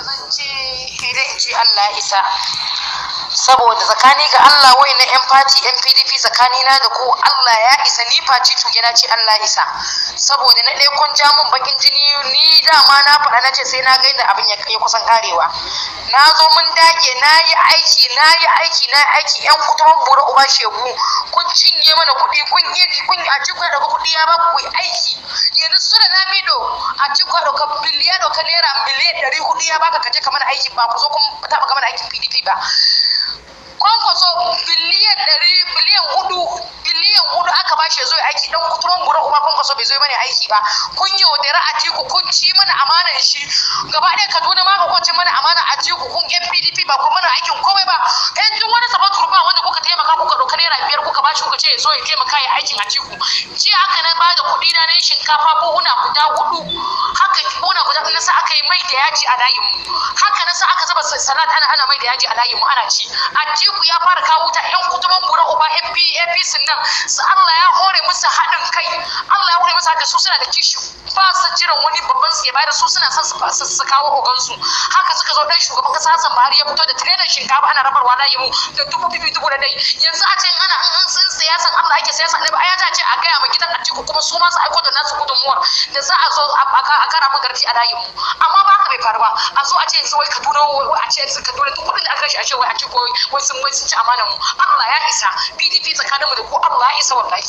inda zan je idan in ce Allah ya isa saboda tsakani ga Allah wai na yan fati yan PDP tsakani na da ko Allah ya isa ni fati to gina ce Allah isa saboda na ɗaya kun ja bakin jini ni dama na faɗa na ce sai na ga yadda abin ya kusan karewa na zo mun dage na yi aiki na yi aiki na yi aiki yan kutuban bura uba shegu kun cinye mana kuɗi kun yi kun a cikin daga kuɗi ya ba ku aiki yanzu suna na mido a cikin daga biliyan daga naira miliyan ɗari kuɗi ya baka kaje ka mana aiki ba ku zo kun taɓa kamar mana aikin PDP ba kwankwaso biliyan ɗari biliyan hudu biliyan hudu aka ba shi zo aiki dan kuturon gurin uba kwankwaso bai zo mana aiki ba kun yaudara a tiku kun ci mana amanar shi gaba ɗaya kaduna ma kun ci mana amanar a tiku kun yan pdp ba kun mana aikin komai ba yan duk wani sabon turba wanda kuka taimaka kuka ɗauka naira biyar kuka ba shi kuka ce ya zo ya taimaka ya aikin a tiku ji aka na bada da kuɗi na na shinkafa buhuna guda hudu haka buhuna mai da yaji a layin mu haka nan aka zaba salat ana ana mai da yaji a layin mu ana ci atiku ya fara kawo ta yan kutuban gura uba apc nan su Allah ya hore musu haɗin kai Allah ya hore musu haka su suna da kishi ba su jiran wani babban su ya bayar su suna son su su kawo su haka suka zo dan shugaban kasa Hassan Buhari ya fito da trainer shinkafa ana rabarwa layin mu da dubu bibi dubu da dai yanzu a ce ana an san siyasan Allah ake ba ai ta ce a gaya ma gidan atiku kuma su ma su aiko da nasu gudunmuwar da za a zo a kara mu garfi a layin mu amma ba haka bai faru ba a zo a ce yanzu wai kaduna a ce yanzu kaduna duk kudin da aka shi a ce wai a ce wai sun wai sun ci amanar mu Allah ya isa PDP tsakaninmu da ku Allah ya isa wallahi